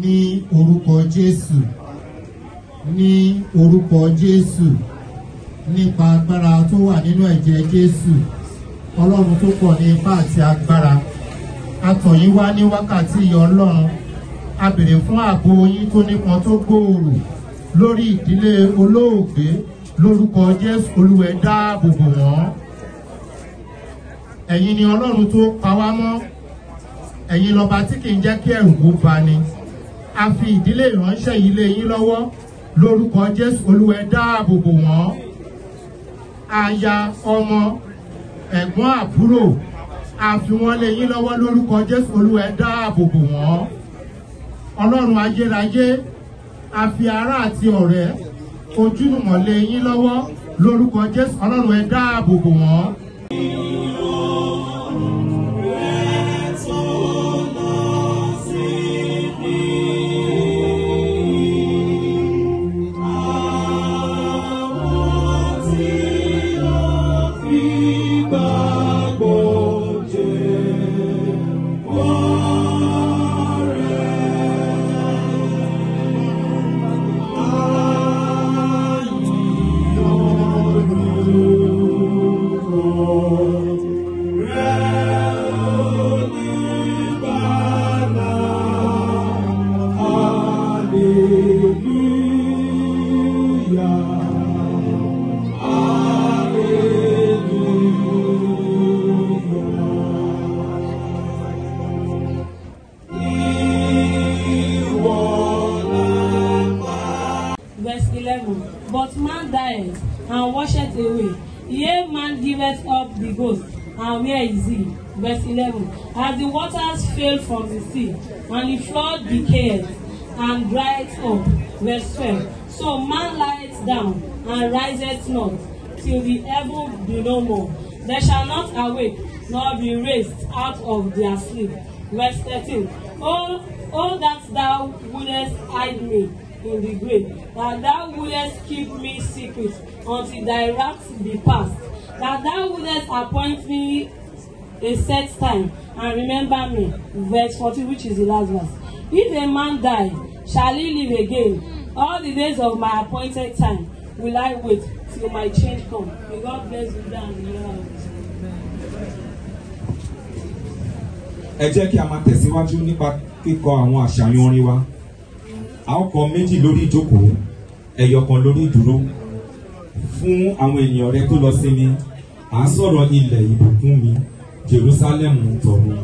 ní orúkọ Jésù ní orúkọ Jésù nípa agbára tó wà nínú ẹ̀jẹ̀ Jésù Ọlọ́run tó pọ̀ ní ipá àti agbára atọ̀yìn wá ní wákàtí ìyọ̀ Ọlọ́run a béèrè fún ààbò yín tó nípọn tó gbòòrò lórí ìdílé olóògbé lórúkọ Jésù Olúwa dáàbò bò wọ́n ẹ̀yin ni Ọlọ́run tó pa wá mọ́ ẹ̀yin lọ́ba tí kì í jẹ́ kí ẹ̀rù kó bani a fi ìdílé ìránṣẹ́ ilé yín lọ́wọ́ lórúkọ Jésù Olúwa ẹ dáàbò bò wọ́n aya ọmọ ẹ̀gbọ́n àbúrò a fi wọ́n lé yín lọ́wọ́ lórúkọ Jésù Olúwa ẹ dáàbò bò Ọlọ́run ayérayé a fi ará àti ọ̀rẹ́ ojúlùmọ̀ lé yín lọ́wọ́ lórúkọ Jésù Ọlọ́run ẹ dáàbò bò heaven, but man dieth and washeth away. Yea, man giveth up the ghost, and where is he? Verse 11. As the waters fail from the sea, and the flood decayeth, and dried up. Verse 12. So man lieth down, and riseth not, till the heaven be no more. They shall not awake, nor be raised out of their sleep. Verse 13. All all that thou wouldest hide me in the grave, that thou wouldest keep me secret until thy wrath be past, that thou wouldest appoint me a set time and remember me. Verse 40, which is the last verse. If a man die, shall he live again? All the days of my appointed time will I wait till my change come. May God bless you down in your house. Ẹ jẹ́ kí a máa tẹ̀síwájú nípa kíkọ àwọn àṣàyàn orin wa a ó kọ méjì lórí ìjókòó ẹyọ kan lórí ìdúró fún àwọn ènìyàn rẹ tó lọ sinmi à ń sọ̀rọ̀ ilẹ̀ ìbùkún mi Jerusalem tọ̀run.